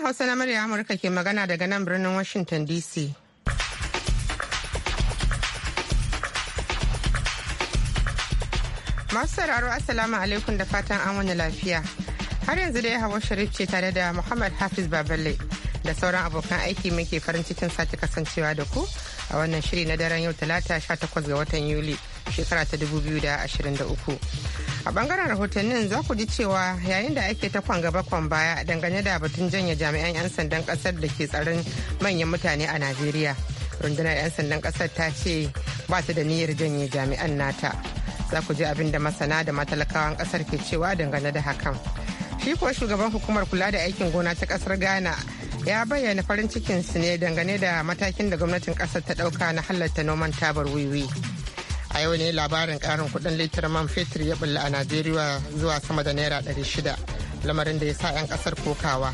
Sashen Hausa na murya Amurka ke magana daga nan birnin Washington DC. Masu sauraro Assalamu alaikum da fatan an wani lafiya. Har yanzu dai Hawa Sharif ce tare da Muhammad Hafiz Baballe da sauran abokan aiki muke farin cikin sati kasancewa da ku a wannan shiri na daren yau talata 18 ga watan Yuli shekara ta 2023. a bangaren rahotannin za ku ji cewa yayin da ake ta kwan gaba kwan baya dangane da batun janye jami'an 'yan sandan kasar da ke tsarin manyan mutane a najeriya rundunar 'yan sandan kasar ta ce ba ta da niyyar janye jami'an nata za ku ji abin da masana da matalakawan kasar ke cewa dangane da hakan shi kuwa shugaban hukumar kula da aikin gona ta kasar ghana ya bayyana farin cikinsu ne dangane da matakin da gwamnatin kasar ta dauka na halatta noman tabar wiwi. a yau ne labarin karin kudin litar man fetur ya bulla a najeriya zuwa sama da naira 600 lamarin da ya sa 'yan kasar kokawa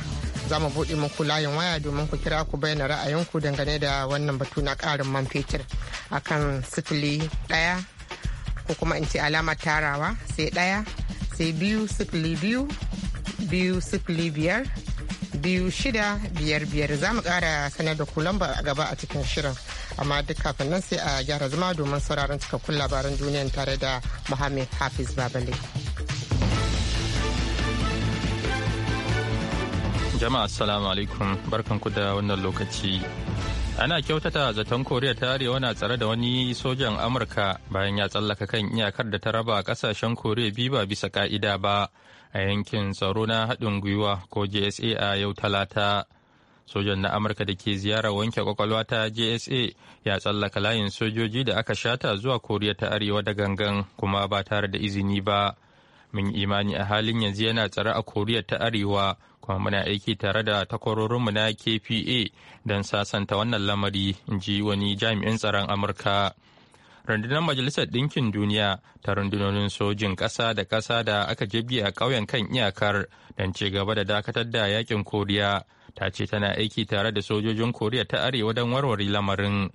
za mu buɗe muku layin waya domin ku kira ku bayyana ra'ayinku dangane da wannan batu na karin man fetur akan sifili ɗaya ko kuma in ce alamar tarawa sai ɗaya sai biyu sifili biyu biyu sifili biyar biyu shida biyar biyar za mu kara sanar da ku lamba a gaba a cikin shirin amma duk kafin nan sai a gyara zama domin sauraron cikakkun labaran duniyan tare da muhammed hafiz babale jama'a assalamu alaikum ku da wannan lokaci ana kyautata zaton koriya ta arewa na tsare da wani sojan amurka bayan ya tsallaka kan iyakar da ta raba kasashen koriya biyu ba bisa ka'ida ba a yankin tsaro na haɗin gwiwa ko JSA a yau talata. Sojan na Amurka da ke ziyarar wanke kwakwalwa ta JSA ya tsallaka layin sojoji da aka shata zuwa Koriya ta Arewa da gangan kuma ba tare da izini ba. Mun imani a halin yanzu yana tsare a Koriya ta Arewa kuma muna aiki tare da takwarorinmu na KPA don sasanta wannan lamari, in ji wani jami'in tsaron Amurka. rundunar majalisar ɗinkin duniya ta rundunonin sojin ƙasa da ƙasa da aka jibge a ƙauyen kan iyakar don ci gaba da dakatar da yakin koriya ta ce tana aiki tare da sojojin koriya ta arewa don warware lamarin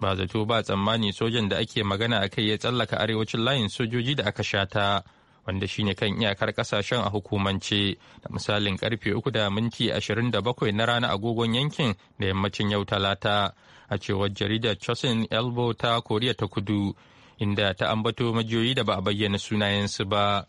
ba zato ba tsammani sojan da ake magana a kai ya tsallaka arewacin layin sojoji da aka shata wanda shine kan iyakar kasashen a hukumance da misalin karfe uku da minti 27 na rana agogon yankin da yammacin yau talata a cewar jaridar Chosin Elbo ta Koriya ta Kudu, inda ta ambato majiyoyi da ba a bayyana sunayensu ba.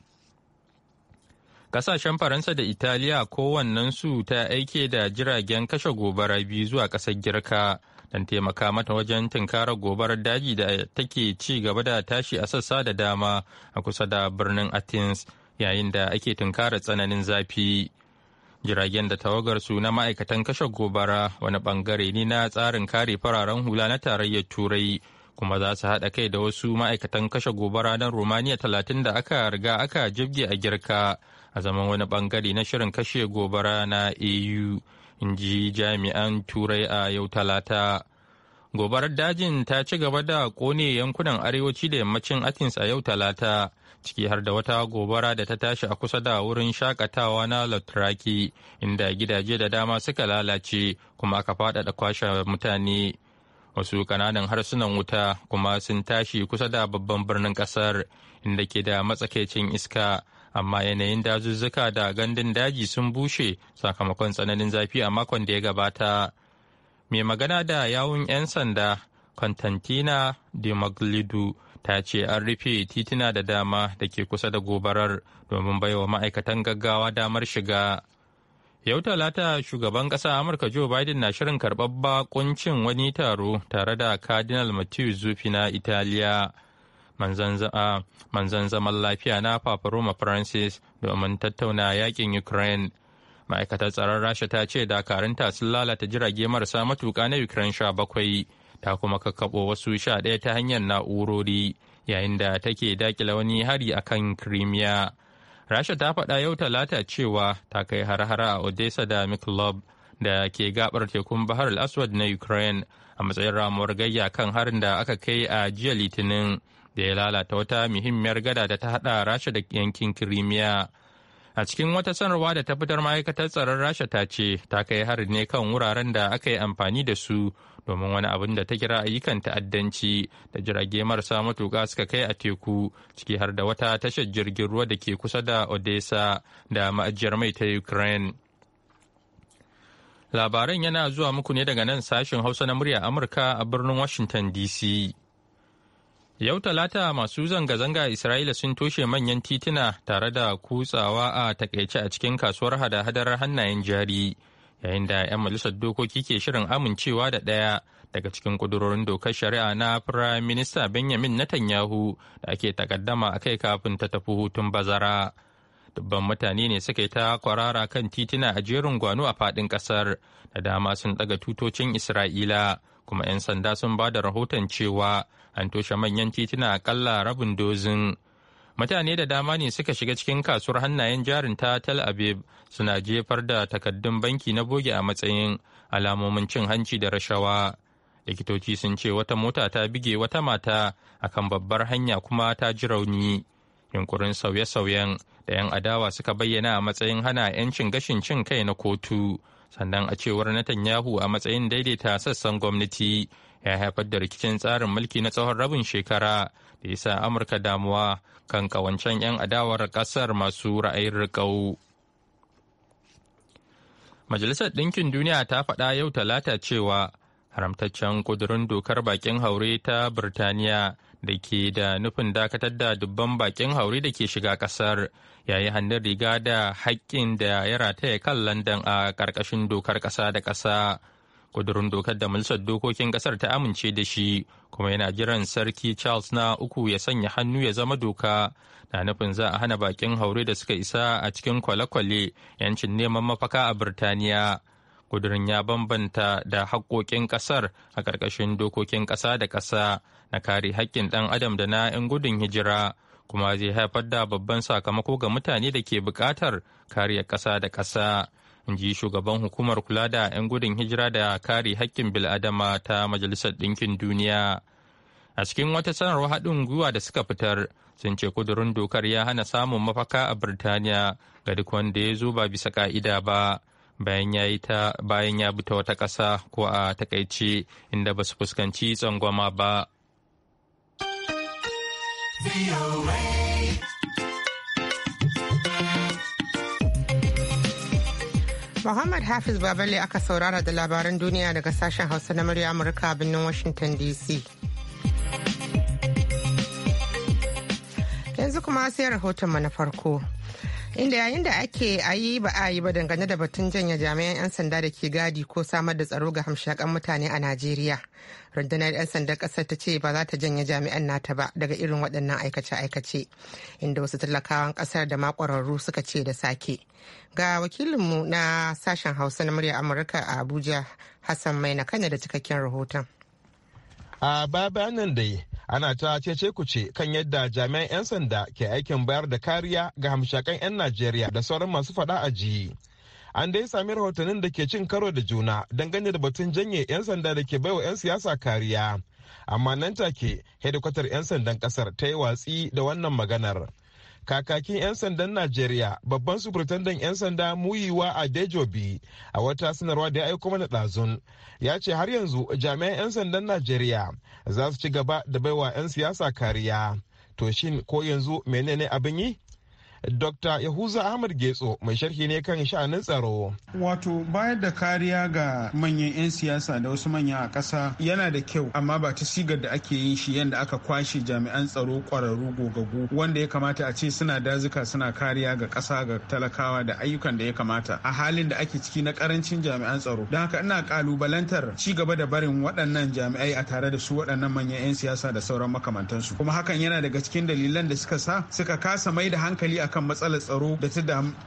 Kasashen Faransa da Italiya kowannensu ta aike da jiragen kashe gobara biyu zuwa ƙasar Girka don taimaka mata wajen tunkarar gobarar daji da take ci gaba da tashi a sassa da dama a kusa da birnin Athens yayin da ake tunkarar tsananin zafi. jiragen da tawagarsu na ma'aikatan kashe gobara wani bangare ne na tsarin kare fararen hula na tarayyar turai kuma za su haɗa kai da wasu ma'aikatan kashe gobara na romania talatin da aka riga aka jibge a girka a zaman wani bangare na shirin kashe gobara na au in ji jami'an turai a yau talata gobarar dajin ta ci gaba da kone yankunan arewaci da yammacin athens a yau talata ciki har da wata gobara da ta tashi a kusa da wurin shakatawa na latraki inda gidaje da dama suka lalace kuma aka faɗaɗa kwashe mutane wasu kananan harsunan wuta kuma sun tashi kusa da babban birnin kasar inda ke da matsakaicin iska amma yanayin dazuzzuka da gandun daji sun bushe sakamakon tsananin zafi a makon da ya gabata mai magana da yawun 'yan sanda constantina demaglidu ta ce an rufe tituna da dama da ke kusa da gobarar domin baiwa ma'aikatan gaggawa damar shiga yau talata shugaban ƙasa amurka joe biden na shirin karɓar bakuncin wani taro tare da cardinal matthew Zufi na italiya ah, manzan zaman lafiya na Roma francis domin tattauna yakin ukraine ma'aikatar tsaron rasha ta ce dakarunta sun lalata jirage marasa matuka na ukraine sha bakwai ta kuma kakkaɓo wasu sha ɗaya ta hanyar na'urori yayin da take dakila wani hari a kan crimea rasha ta faɗa yau talata cewa ta kai har-hara a odessa da miklov da ke gabar tekun bahar al-aswad na ukraine a matsayin ramuwar gayya kan harin da aka kai a jiya litinin da ya lalata wata muhimmiyar gada da ta haɗa rasha da yankin crimea A cikin wata sanarwa da ta fitar ma'aikatar tsaron Rasha ta ce ta kai harin ne kan wuraren da aka yi amfani da su domin wani abin da ta kira ayyukan ta'addanci da jirage marasa matuka suka kai a teku ciki har da wata tashar jirgin ruwa da ke kusa da Odessa da ma'ajiyar mai ta Ukraine. Labaran yana zuwa muku ne daga nan sashen Hausa na murya Amurka a birnin Washington DC. Yau Talata masu zanga-zanga Isra'ila sun toshe manyan tituna tare da kutsawa a takaice a cikin kasuwar hada-hadar hannayen jari, yayin da 'yan majalisar dokoki ke shirin amincewa da ɗaya daga cikin ƙudurorin dokar shari'a na Firayim Minista Benjamin Netanyahu da ake takaddama a kai kafin ta tafi hutun bazara. Dubban mutane ne suka yi ta kwarara kan tituna a jerin gwano a faɗin ƙasar da dama sun ɗaga tutocin Isra'ila. kuma 'yan sanda sun ba da rahoton cewa an toshe manyan tituna akalla rabin dozin mutane da dama ne suka shiga cikin kasuwar hannayen jarin ta tel aviv suna jefar da takaddun banki na boge a matsayin alamomin cin hanci da rashawa likitoci sun ce wata mota ta bige wata mata akan babbar hanya kuma ta ji rauni yunkurin sauye-sauyen da 'yan adawa suka bayyana a matsayin hana 'yancin gashin cin kai na kotu sannan a cewar Netanyahu a matsayin daidaita sassan gwamnati ya haifar da rikicin tsarin mulki na tsawon rabin shekara da ya sa Amurka damuwa kan kawancen 'yan adawar ƙasar masu ra'ayin riƙau. Majalisar Ɗinkin Duniya ta faɗa yau talata cewa haramtaccen kudurin dokar baƙin haure ta Birtaniya da ke da nufin dakatar da dubban bakin haure da ke shiga kasar yayi hannun riga da haƙƙin da ya rataya kan london a ƙarƙashin dokar ƙasa da ƙasa ƙudurin dokar da majalisar dokokin ƙasar ta amince da shi kuma yana jiran sarki charles na uku ya sanya hannu ya zama doka na nufin za a hana bakin haure da suka isa a cikin kwale-kwale 'yancin neman mafaka a birtaniya kudurin ya bambanta da haƙƙoƙin ƙasar a ƙarƙashin dokokin ƙasa da ƙasa na kare haƙƙin ɗan adam da na 'yan gudun hijira kuma zai haifar da babban sakamako ga mutane da ke buƙatar kariya ƙasa da ƙasa in ji shugaban hukumar kula da 'yan gudun hijira da kare haƙƙin bil'adama ta majalisar ɗinkin duniya a cikin wata sanarwar haɗin gwiwa da suka fitar sun ce kudurin dokar ya hana samun mafaka a birtaniya ga duk wanda ya zo ba bisa ka'ida ba bayan ya yi ta bayan ya bi ta wata ƙasa ko a takaice inda ba su fuskanci tsangwama ba Muhammad Hafiz Babale aka saurara da labaran duniya daga sashen Hausa na murya Amurka a birnin Washington DC. Yanzu kuma sai rahoton na farko. inda yayin da ake ayi ba a yi ba dangane da batun janya jami'an 'yan sanda da ke gadi ko samar da tsaro ga hamshakan mutane a najeriya rundunar 'yan sandan kasar ta ce ba za ta janya jami'an nata ba daga irin waɗannan aikace-aikace inda wasu talakawan kasar da makwararru suka ce da sake ga wakilinmu na sashen hausa na murya amurka a abuja hassan mai na da cikakken rahoton a baba nan ana ta cece ce kan yadda jami'an 'yan sanda ke aikin bayar da kariya ga hamshakan 'yan najeriya da sauran masu fada a ji an dai sami rahotannin da ke cin karo da juna dangane da batun janye 'yan sanda da ke baiwa 'yan siyasa kariya amma nan take hedikwatar 'yan sandan kasar ta yi watsi da wannan maganar kakakin 'yan sandan najeriya babban superintendent 'yan sanda muyiwa a dejobi a wata sanarwa da ya aiko mana ɗazun ya ce har yanzu jami'an 'yan sandan najeriya za su ci gaba da baiwa 'yan siyasa kariya to shin ko yanzu menene abin yi Dr. Yahuza Ahmad Getso mai sharhi ne kan sha'anin tsaro. Wato bayar da kariya ga manyan 'yan siyasa da wasu manya a ƙasa yana da kyau amma ba ta sigar da ake yin shi yadda aka kwashe jami'an tsaro ƙwararru gogagu wanda ya kamata a ce suna dazuka suna kariya ga ƙasa ga talakawa da ayyukan da ya kamata a halin da ake ciki na ƙarancin jami'an tsaro. Don haka ina ƙalubalantar ci gaba da barin waɗannan jami'ai a tare da su waɗannan manyan 'yan siyasa da sauran makamantansu. Kuma hakan yana daga cikin dalilan da suka sa suka kasa mai da hankali a akan matsalar tsaro da ta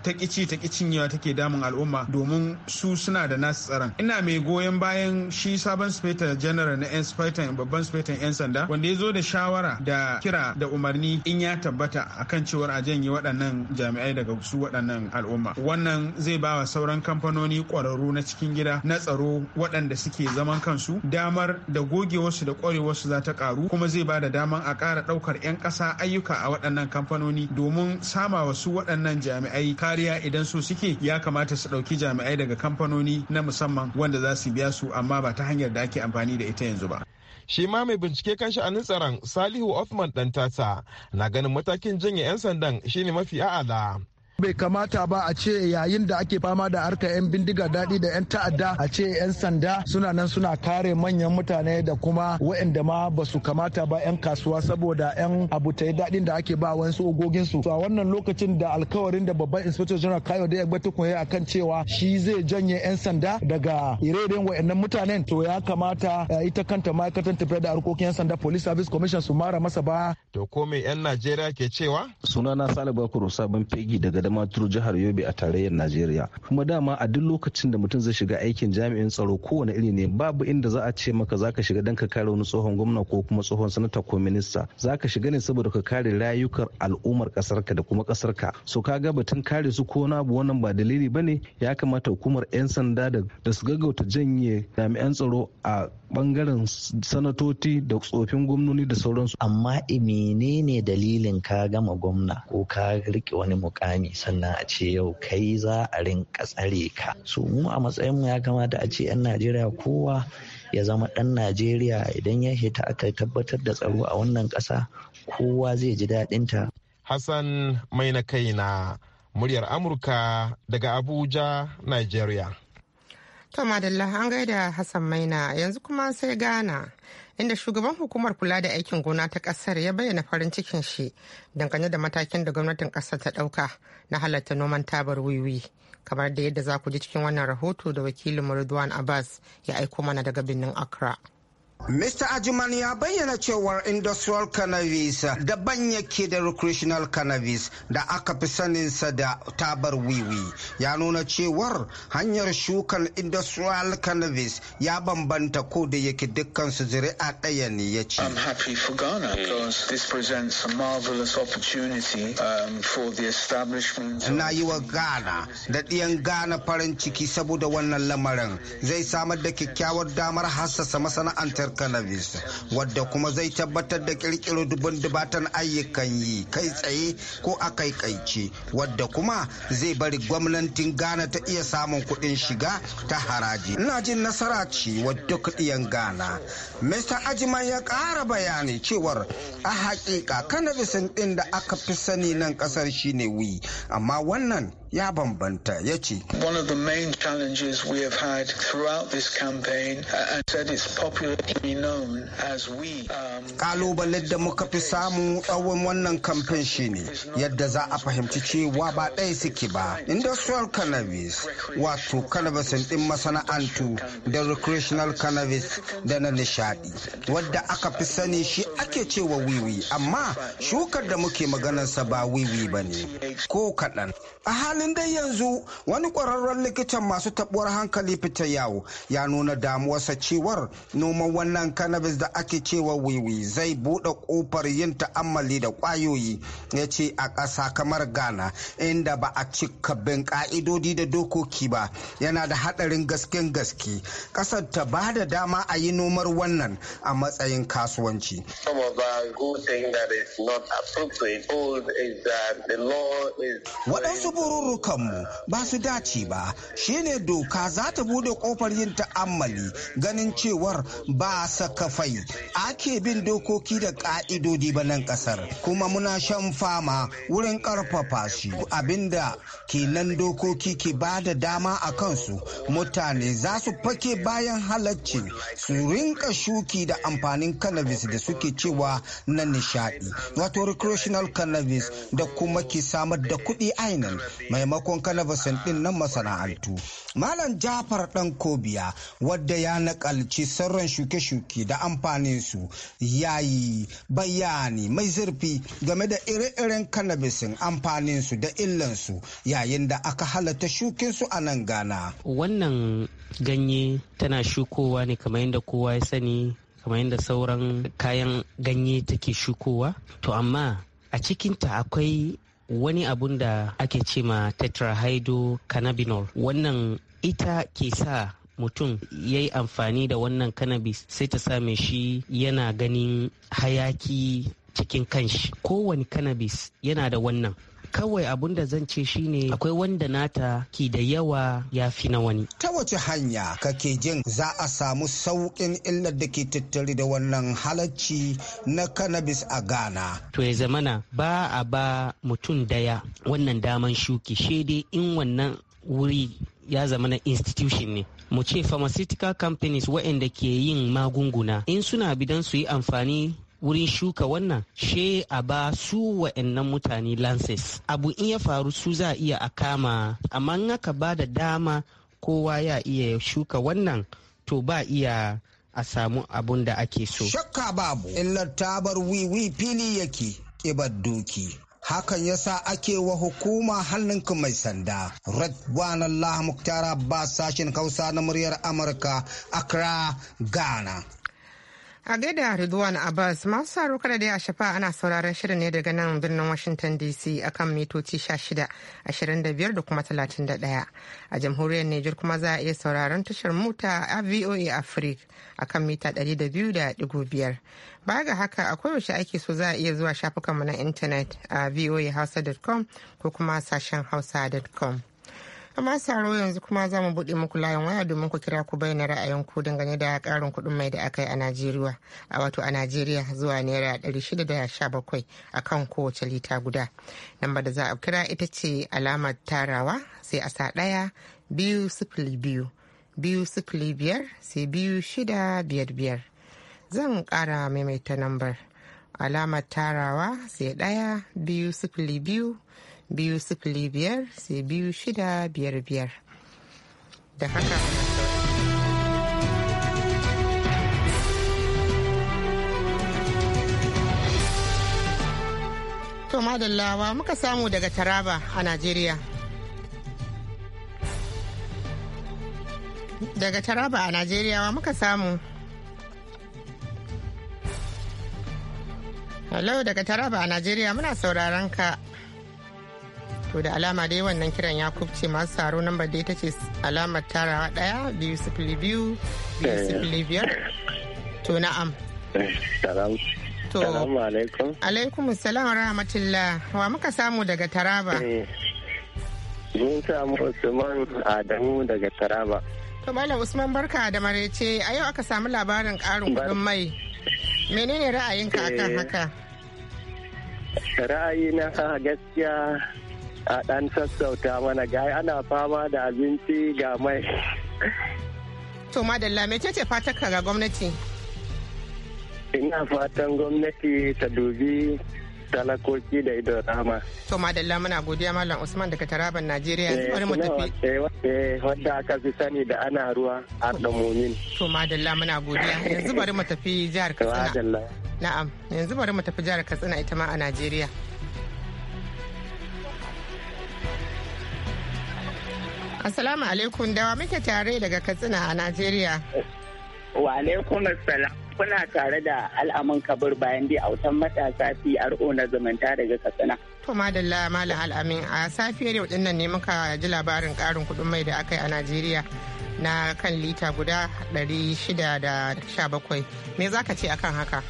ta kici ta cinyewa take damun al'umma domin su suna da nasu tsaron ina mai goyon bayan shi sabon speta general na yan spaitan babban spaitan yan sanda wanda ya zo da shawara da kira da umarni in ya tabbata akan cewar a janye waɗannan jami'ai daga su waɗannan al'umma wannan zai ba wa sauran kamfanoni kwararru na cikin gida na tsaro waɗanda suke zaman kansu damar da gogewarsu da ƙwarewarsu za ta ƙaru kuma zai ba da daman a ƙara ɗaukar 'yan ƙasa ayyuka a waɗannan kamfanoni domin samun kama wa su waɗannan jami'ai kariya idan su suke ya kamata su ɗauki jami'ai daga kamfanoni na musamman wanda za su biya su amma ba ta hanyar da ake amfani da ita yanzu ba. shi ma mai bincike kan sha'anin tsaron salihu othman dantata na ganin matakin janye 'yan sandan shine mafi a'ala bai kamata ba a ce yayin da ake fama da harkar 'yan bindiga daɗi da 'yan ta'adda a ce 'yan sanda suna nan suna kare manyan mutane da kuma waɗanda ma ba su kamata ba 'yan kasuwa saboda 'yan abutai daɗin da ake ba wasu ogogin su a wannan lokacin da alkawarin da babban inspector general kayo da yagba tukun akan cewa shi zai janye 'yan sanda daga ire-iren waɗannan mutanen to ya kamata eh, ita kanta ma'aikatan tafiyar da harkokin 'yan sanda police service commission su mara masa ba to ko me 'yan najeriya ke cewa sunana salibakuru sabon fegi daga damaturu jihar yobe a tarayyar najeriya kuma dama a duk lokacin da mutum zai shiga aikin jami'in tsaro kowane iri ne babu inda za a ce maka zaka shiga dan ka kare wani tsohon gwamna ko kuma tsohon sanata ko minista zaka shiga ne saboda ka kare rayukan al'ummar kasarka da kuma kasarka so ka ga batun kare su ko na abu wannan ba dalili ba ne ya kamata hukumar 'yan sanda da su gaggauta janye jami'an tsaro a bangaren sanatoti da tsofin gwamnoni da sauransu. Amma menene dalilin ka gama gwamna ko ka rike wani mukami sannan a ce yau kai za a rinka tsare ka. Su mu a matsayin mu ya kamata a ce 'yan Najeriya kowa ya zama ɗan Najeriya idan ya hita aka tabbatar da tsaro a wannan ƙasa kowa zai ji daɗinta. Hassan mai na kaina muryar Amurka daga Abuja, Nigeria. To Madalla an gaida Hassan Maina yanzu kuma sai gana inda shugaban hukumar kula da aikin gona ta kasar ya bayyana farin cikin shi dangane da matakin da gwamnatin kasar ta dauka na halatta noman tabar wiwi kamar da yadda za ku ji cikin wannan rahoto da wakilin Ridwan Abbas ya aiko mana daga birnin Accra. Mr. Ajiman ya bayyana cewar industrial cannabis daban yake da recreational cannabis da aka fi saninsa da tabar wiwi. Ya nuna cewar hanyar shukan industrial cannabis ya bambanta ko da yake dukkan su zuri'a ɗaya ne ya ce. I'm happy for Ghana because this presents a marvelous opportunity um, for the establishment. Na yi wa Ghana da ɗiyan Ghana farin ciki saboda wannan lamarin zai samar da kyakkyawar damar hassasa masana'antar cannabis wadda kuma zai tabbatar da kirkiro dubun dubatan ayyukan yi kai tsaye ko a kaikaice wadda kuma zai bari gwamnatin ghana ta iya samun kuɗin shiga ta haraji ina jin nasara ce wa duk ɗiyan ghana mr ajiman ya ƙara bayani cewar a hakika cannabis ɗin da aka fi sani nan ƙasar shine wi amma wannan ya bambanta ya ce. One the challenges had this uh, we. Um, da muka fi samu tsawon wannan kamfen shine yadda za a fahimci cewa ba ɗaya suke ba. Industrial cannabis wato cannabis ɗin masana'antu da recreational cannabis da na nishadi wadda aka fi sani shi ake cewa wiwi amma shukar da muke maganarsa ba wiwi ba ne ko kaɗan. A halin halin dai yanzu wani kwararren likitan masu tabuwar hankali fita yawo ya nuna damuwarsa cewar noman wannan cannabis da ake cewa wiwi zai buɗe kofar yin ta'ammali da kwayoyi ya ce a ƙasa kamar ghana inda ba a cika bin ka'idodi da dokoki ba yana da haɗarin gasken gaske ƙasar ta ba da dama a yi nomar wannan a matsayin kasuwanci waɗansu bururu dokanmu ba su dace ba shine doka za ta bude kofar yin ta'ammali ganin cewar ba sakafai ake bin dokoki da ka'idodi ba nan kasar kuma muna shan fama wurin karfafa shi abinda kenan dokoki ke ba da dama a kansu mutane za su fake bayan halacci su rinka shuki da amfanin cannabis da suke cewa na nishadi wato recreational cannabis da kuma ke samar da kuɗi ainihin mai maimakon kalabasin ɗin nan masana'antu. Malam Jafar ɗan Kobiya wadda ya nakalci sauran shuke-shuke da amfanin su yayi bayani mai zurfi game da ire-iren kanabisin amfanin su da illan su yayin da aka halatta shukin su a nan gana. Wannan ganye tana shukowa ne kamar yadda kowa ya sani kamar yadda sauran kayan ganye take shukowa to amma a cikinta akwai wani abun da ake ce ma tetrahydrocannabinol wannan ita ke sa mutum ya yi amfani da wannan cannabis sai ta same shi yana ganin hayaki cikin kanshi kowane cannabis yana da wannan kawai abun da zan ce shine akwai wanda nata ki da yawa ya fi na wani ta wace hanya kake jin za a samu sauƙin illar da ke tattare da wannan halacci na cannabis a ghana to ya zamana ba a ba mutum daya wannan daman shuki shede in wannan wuri ya zama na institution ne mu ce pharmaceutical companies waɗanda ke yin magunguna in suna bidan su yi amfani wurin shuka wannan she a ba su wa'annan mutane lances abu in ya faru su za a iya a kama amma in aka ba da dama kowa ya iya shuka wannan to ba iya a samu abun da ake so shakka babu illar tabar wiwi fili yake kibar doki hakan ya sa ake wa hukuma hannunka mai sanda. Radwanallah Muktar ba sashen kausa na muryar Amurka, Accra, Ghana. A gaida Ridwan Abbas masu saro kada da ya shafa ana sauraron shirin ne daga nan birnin Washington DC akan mitoci 16, 25 da kuma 31. A jamhuriyar Nijar kuma za a iya sauraron tashar mota a VOA Africa akan mita 200.5. Baya ga haka akwai koyaushe ake so za a iya zuwa shafukanmu na intanet a voahausa.com ko kuma sashen hausa.com. amma saro yanzu kuma za mu buɗe muku layin waya domin ku kira ku bayyana ra'ayinku dangane da ƙarin kuɗin mai da aka yi a najeriya a wato a najeriya zuwa naira ɗari shida da sha bakwai a kan kowace lita guda lambar da za a kira ita ce alamar tarawa sai a sa ɗaya biyu sifili biyu biyu sifili biyar sai biyu shida biyar biyar zan ƙara maimaita lambar alamar tarawa sai ɗaya biyu sifili biyu biyu sifili biyar sai biyu shida biyar biyar da haka to madallawa muka samu daga taraba a najeriya daga taraba a najeriya wa muka samu hello daga taraba a najeriya muna sauraron ka to da alama dai wannan kiran ya kubce masu saro nambar da ita ce alamar tarawa daya biyu sifili biyu biyu eh. sifili biyar to na'am eh, to alaikum alaikum salam rahmatullah wa muka samu daga taraba eh, mun samu usman adamu daga taraba to malam usman barka da marece a yau aka samu labarin karin kudin mai menene ra'ayinka akan haka ra'ayina gaskiya a ɗan sassauta mana ga ana fama da abinci ga mai. To madalla mecece fatan ka ga gwamnati? Ina fatan gwamnati ta dubi talakoki da ido rama. To madalla muna godiya Malam Usman daga Taraban Najeriya eh, bari mu tafi. Eh, wanda aka fi sani da ana ruwa a damomin. To madalla muna godiya yanzu bari mu tafi jihar Katsina. Na'am yanzu bari mu tafi jihar Katsina ita ma a Najeriya. Assalamu alaikum dawa muke tare daga Katsina a Najeriya. Wa alaikum assalam. Kuna tare da al'amun kabur bayan dai autan matasa PRO na zumunta daga Katsina. To madalla malam al'amin a safiyar yau dinnan ne muka ji labarin karin kuɗin mai da aka yi a Najeriya na kan lita guda 617. Me za ka ce akan haka?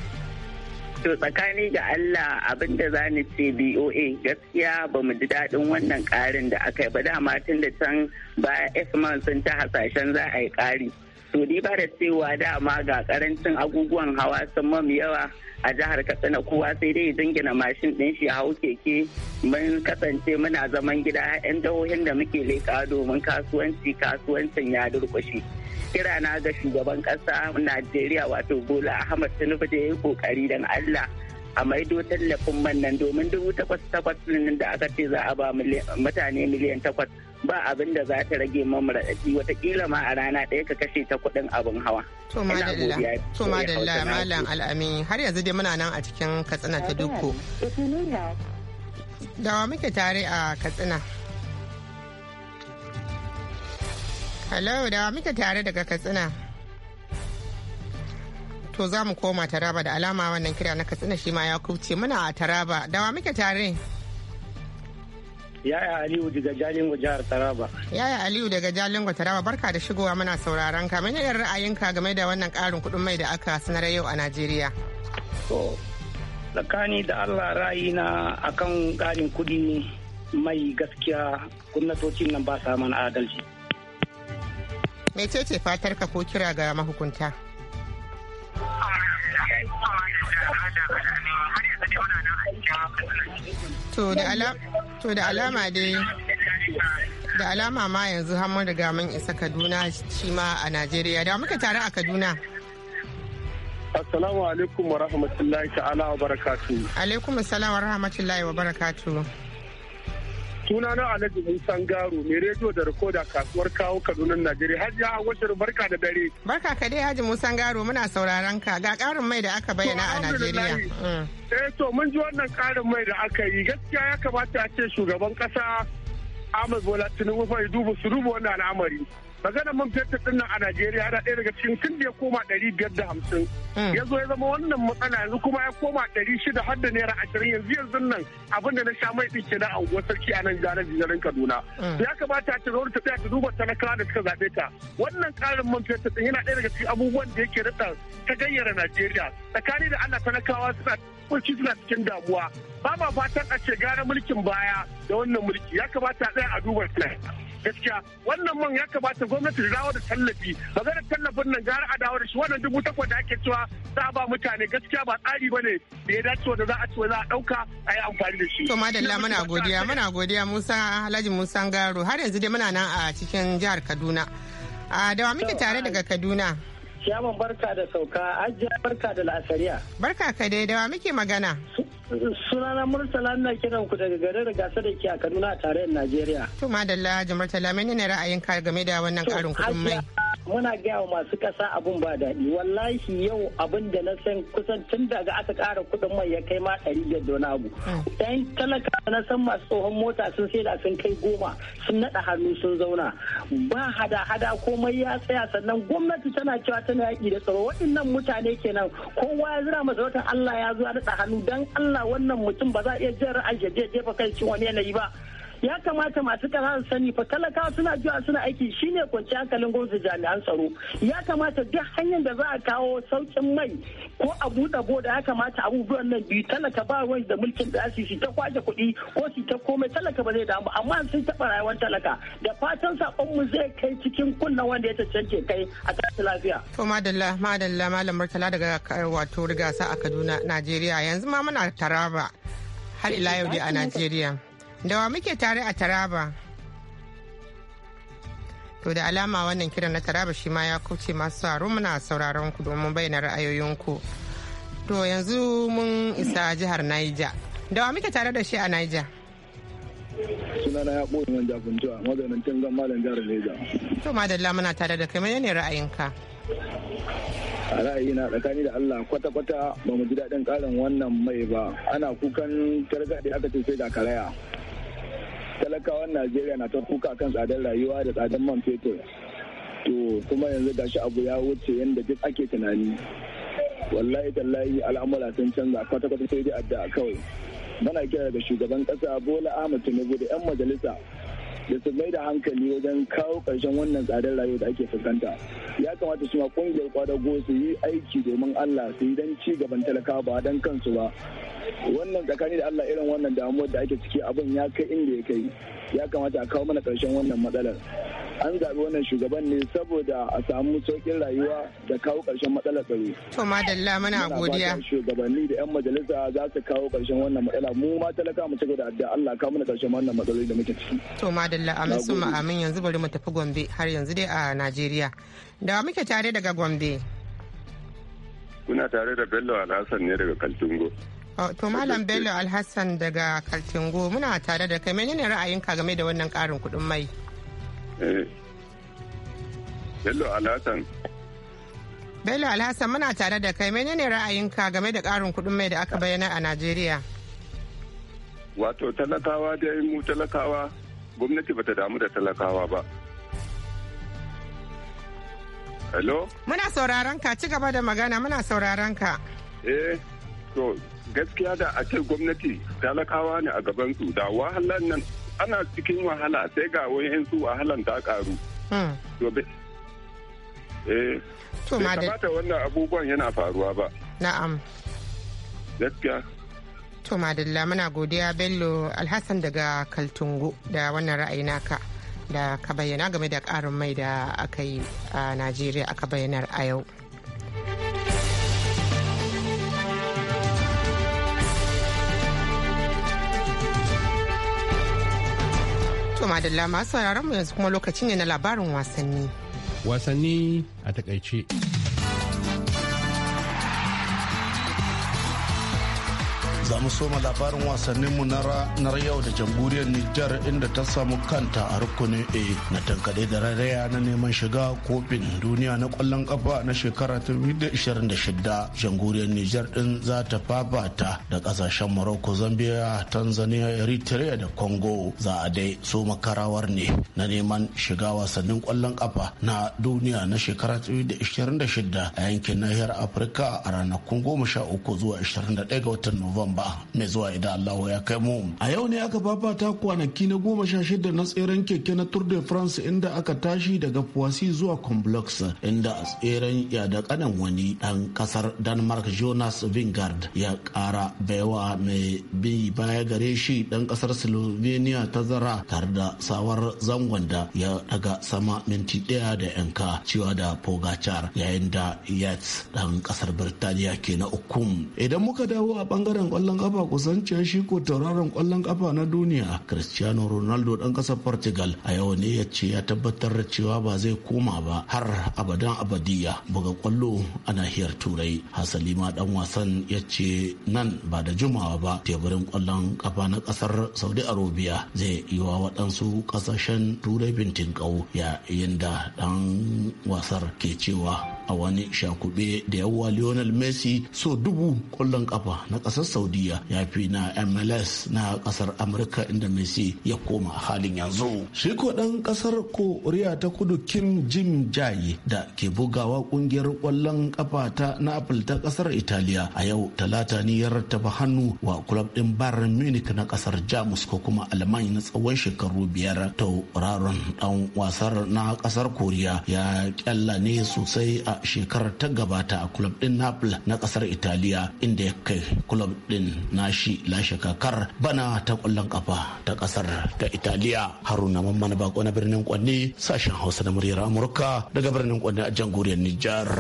To tsakani ga Allah abin da za ni ce BOA gaskiya ba mu ji daɗin wannan ƙarin da aka yi ba dama tun da can baya Esman sun ta hasashen za a yi ƙari. to ba da cewa dama ga karancin abubuwan hawa sun mamu yawa a jihar katsina kowa sai dai jingina mashin din shi hau keke mun kasance muna zaman gida yan jihohin da muke leka domin kasuwanci kasuwancin ya durkushe kira ga shugaban kasa najeriya wato bola ahmad tinubu da ya yi kokari don allah a maido tallafin man nan domin dubu takwas da aka ce za a ba mutane miliyan takwas ba abin da za ta rage mamu wata watakila ma a rana ɗaya ka kashe ta kuɗin abin hawa. To madalla, to madalla malam al'amin har yanzu dai muna nan a cikin katsina ta dukko. Dawa muke tare a katsina. Hello, dawa muke tare daga katsina. To za mu koma taraba da alama wannan kira na katsina shi ma ya kuce muna a taraba. Dawa muke tare. Yaya Aliyu daga Jalingo jihar Taraba. Yaya Aliyu daga Jalingo Taraba barka da shigowa muna sauraron ka mene ra'ayinka game da wannan karin kuɗin mai da aka sanar yau a Najeriya. To tsakani da Allah na akan karin kuɗi mai gaskiya gwamnatocin nan ba sa mana adalci. Mecece fatarka ko kira ga mahukunta? To da alama dai da alama ma yanzu hamar riga mun isa Kaduna shi ma a Najeriya da muka tare a Kaduna. Assalamu alaikum wa rahmatullahi ta'ala wa barakatu. Alaikum assalam wa rahmatullahi wa barakatu. suna na alhaji musan garo mai rediyo da rikoda kasuwar kawo kadunan najeriya hajji a washir barka da dare barka ka dai hajji musan garo muna sauraron ka ga karin mai da aka bayyana a najeriya mm. eh to mun ji wannan karin mai da aka yi gaskiya ya kamata a ce shugaban kasa Ahmad Bola Tinubu fa ya duba su duba wannan al'amari. magana man fetur din nan a Najeriya yana ɗaya daga cikin tun da ya koma ɗari biyar da hamsin. Hmm. Ya zo ya zama wannan matsala yanzu kuma ya koma ɗari shida har da naira ashirin yanzu yanzu nan abin na sha mai ɗin na a unguwar sarki a nan jihar Jijarin Kaduna. Hmm. Ya kamata ta zaune ta tsaya ta duba talakawa da suka zaɓe ta. Wannan ƙarin man fetur din yana ɗaya daga cikin abubuwan da yake rasa ta gayyara Najeriya. Tsakani da Allah talakawa suna fulci suna cikin damuwa ba ma fatan a ce gara mulkin baya da wannan mulki ya kamata a a duba gaskiya wannan man ya kamata gwamnati ta dawo da tallafi magana tallafin nan gara a dawo da shi wannan dubu takwas da ake cewa za ba mutane gaskiya ba tsari ba ne da ya dace da za a ce za a dauka a yi amfani da shi to madalla muna godiya muna godiya Musa Alhaji Musa Garo har yanzu dai muna nan a cikin jihar Kaduna a dawa muke tare daga Kaduna Ciyaman barka da sauka, ajiya barka da la'asariya. Barka ka dawa muke magana. Sunana Murtala na kiran ku daga garin gasa da ke a Kaduna a tarayyar Najeriya. To madalla Haji Murtala ra'ayin ra'ayinka game da wannan karin kuɗin mai? muna gaya wa masu kasa abun ba daɗi wallahi yau abin da na san kusan tun daga aka ƙara kuɗin mai ya kai ma ɗari biyar da abu hmm. ɗan talaka na san masu tsohon mota sun sai da sun kai goma sun naɗa hannu sun zauna ba hada-hada komai ya tsaya sannan gwamnati tana cewa tana yaƙi da tsaro waɗannan mutane kenan kowa ya zira masa wata Allah ya zo a naɗa hannu dan Allah wannan mutum ba za a iya jin ra'ayi ya jefa kai cikin wani yanayi ba ya kamata masu kasa sani fa talakawa suna jiwa suna aiki shine kwanci hankalin gwamnati jami'an tsaro ya kamata duk hanyar da za a kawo saukin mai ko a buɗe boda ya kamata abubuwan nan biyu talaka ba wai da mulkin da su shi ta kwashe kuɗi ko su ta komai talaka ba zai damu amma sun taɓa rayuwar talaka da fatan sakon mu zai kai cikin kunna wanda ya ke kai a tashi lafiya. to madalla madalla malam murtala daga eh, wato rigasa a kaduna najeriya yanzu ma muna taraba har ila yau dai a najeriya. Da wa muke tare a Taraba? To da alama wannan kiran na Taraba shi ma ya kuce masu haro muna sauraron ku domin bayyana ra'ayoyinku. To yanzu mun isa jihar Niger. Da wa muke tare da shi a Niger? sunana ya ɓoye man jafin jiwa mazaunin gan malam jihar Leja. To madalla muna tare da kai ne ra'ayinka? A ra'ayi na tsakani da Allah kwata-kwata ba mu ji daɗin ƙarin wannan mai ba ana kukan targaɗe aka ce sai da karaya. talakawan najeriya na ta kuka kan tsadar rayuwa da tsadar man fetur to kuma yanzu gashi abu ya wuce yadda duk ake tunani wallahi tallahi al'amura sun canza kwata kwata sai dai addu'a kawai muna kira daga shugaban kasa bola ahmad tinubu da yan majalisa da su mai da hankali wajen kawo karshen wannan tsadar rayuwa da ake fuskanta ya kamata su ma ƙungiyar kwadago su yi aiki domin allah su yi don ci gaban talakawa ba don kansu ba wannan tsakani da allah irin wannan damuwar da ake ciki abin ya kai inda ya kai ya kamata a kawo mana ƙarshen wannan matsalar an zaɓi wannan shugaban ne saboda a samu sauƙin rayuwa da kawo ƙarshen matsalar tsaro. To madalla muna godiya. Shugabanni da 'yan majalisa za su kawo ƙarshen wannan matsala mu ma talaka mu cigaba da addu'a Allah kawo mana ƙarshen wannan matsaloli da muke ciki. To madalla amin su amin yanzu bari mu tafi Gombe har yanzu dai a Najeriya. Da muke tare daga Gombe. Kuna tare da Bello Alhassan ne daga Kaltungo. Oh, to malam bello alhassan daga kaltingo muna tare da kai menene ra'ayinka game da wannan karin kudin mai eh, bello alhassan bello alhassan muna tare da kai menene ra'ayinka game da karin kudin mai da aka bayyana a najeriya wato talakawa dai mu talakawa gwamnati bata damu da talakawa ba hello muna sauraron ka ci gaba da magana muna sauraron ka eh to gaskiya da a ce gwamnati talakawa ne a gabansu da wahalan nan ana cikin wahala sai ga wayansu wahalan ta karu hmm. to eh kamata wannan abubuwan yana faruwa ba na'am gaskiya to madalla muna godiya bello alhassan daga kaltungo da wannan ra'ayi naka da ka bayyana game da karin mai da aka yi a najeriya aka bayyanar a yau To madalla masu sauraron mu yanzu kuma lokacin ne na labarin wasanni. Wasanni a takaice. mu soma labarin wasanninmu na yau da jamhuriyar Nijar inda ta samu kanta a rukunin A na tankaɗe da raraya na neman shiga kofin duniya na ƙwallon kafa na shekara ta 2026. Jamhuriyar Nijar ɗin za ta fafata da kasashen Morocco, Zambia, Tanzania, Eritrea da Congo. Za a dai soma karawar ne na neman shiga wasannin kwallon kafa na duniya na shekara ta 2026 a yankin nahiyar Afirka a ranakun 13 zuwa 21 ga watan Nuwamba. mai zuwa idan allah ya kai mu a yau ne aka fafata kwanaki na goma sha shida na tseren keke na tour de france inda aka tashi daga Poissy zuwa complex inda a tseren ya da kanan wani dan kasar denmark jonas vingard ya kara baiwa mai bi baya gare shi dan kasar slovenia tazara tare da sawar zangon da ya daga sama minti daya da yanka cewa da pogacar yayin da yates dan kasar birtaniya ke na uku idan muka dawo a bangaren kwallon kafa kusanciyar shi ko tauraron kwallon kafa na duniya cristiano ronaldo dan kasar portugal a yau ne ya ce ya tabbatar da cewa ba zai koma ba har abadan abadiya buga kwallo a nahiyar turai hasali ma dan wasan ya ce nan ba da jimawa ba teburin kwallon kafa na kasar saudi arabia zai yi wa waɗansu kasashen turai bintin kau yayin da dan wasar ke cewa a wani shakube da yawa lionel messi so dubu kwallon kafa na kasar saudiya ya fi na mls na kasar amurka inda messi ya koma halin yanzu shi ko dan kasar koriya ta kudu kim jim jaye da ke bugawa kungiyar kwallon kafa ta napoli ta kasar italiya a yau talata ne ya rattaba hannu wa club din bayern munich na kasar jamus ko kuma alemanya na tsawon shekaru biyar tauraron dan wasar na kasar koriya ya kyalla ne sosai a shekarar ta gabata a kulob din Naples na kasar italiya inda ya kai club din nashi lashe kakar bana ta kwallon kafa ta kasar ta italiya haruna mamman bako na birnin kwanni sashen hausa na muryar amurka daga birnin kwanni a jamhuriyar nijar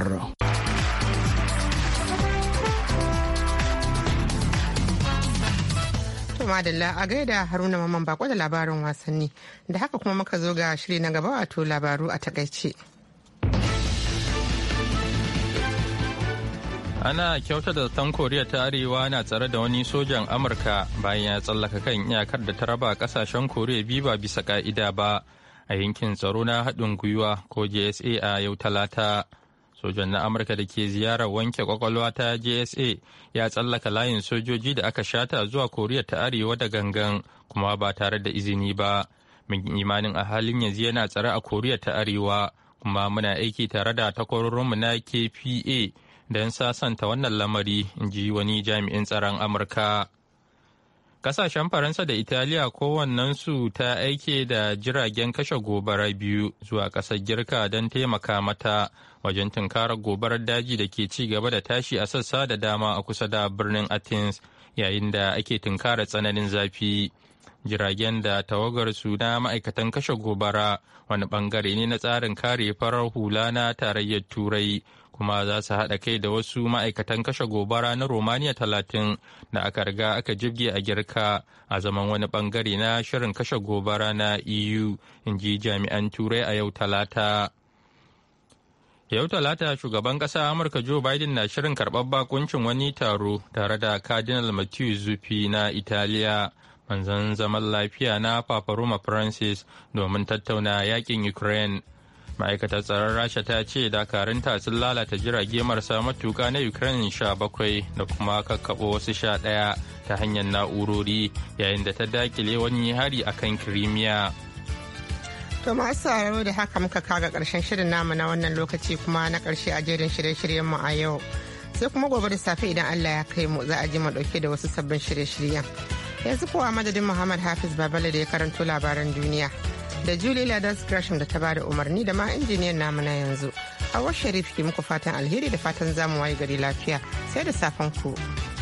madalla a gaida haruna maman bako da labarin wasanni da haka kuma muka zo ga shiri na gaba wato labaru a takaice. ana kyauta da tan koriya ta arewa na tsare da wani sojan amurka bayan ya tsallaka kan iyakar da ta raba kasashen koriya biyu ba bisa ka'ida ba a yankin tsaro na haɗin gwiwa ko jsa a yau talata sojan na amurka da ke ziyarar wanke kwakwalwa ta jsa ya tsallaka layin sojoji da aka shata zuwa koriya ta arewa da gangan kuma ba tare da izini ba mun imanin a halin yanzu yana tsare a koriya ta arewa kuma muna aiki tare da takwarorinmu na kpa don sasanta wannan lamari in ji wani jami'in tsaron amurka kasashen faransa da italiya kowannensu ta aike da jiragen kashe gobara biyu zuwa ƙasar girka don taimaka mata wajen tunkarar gobarar daji da ke ci gaba da tashi a sassa da dama a kusa da birnin athens yayin da ake tunkarar tsananin zafi jiragen da tawagarsu na ma'aikatan kashe gobara wani bangare ne na tsarin kare farar hula na tarayyar turai kuma za su haɗa kai da wasu ma'aikatan kashe gobara na romania talatin da aka riga aka jibge a girka a zaman wani bangare na shirin kashe gobara na eu in ji jami'an turai a yau talata yau talata shugaban ƙasa amurka joe biden na shirin karɓar bakuncin wani taro tare da cardinal matthew zuffi na italiya manzan zaman lafiya na paparoma francis domin tattauna yakin ukraine ma'aikatar tsaron rasha ta ce dakarunta sun lalata jirage marasa matuka na ukraine sha bakwai da kuma kakkaɓo wasu sha ɗaya ta hanyar na'urori yayin da ta dakile wani hari akan kirimiya to masu sauraro da haka muka kaga karshen shirin namu na wannan lokaci kuma na karshe a jerin shirye-shiryen mu a yau sai kuma gobe da safe idan allah ya kai mu za a ji mu dauke da wasu sabbin shirye-shiryen yanzu kowa madadin muhammad hafiz babala da ya karanto labaran duniya da Julie Ladas Gresham da ta bada umarni da ma injiniyan namu na yanzu. Hawa Sharif ke muku fatan alheri da fatan zamu waye gari lafiya sai da safen ku.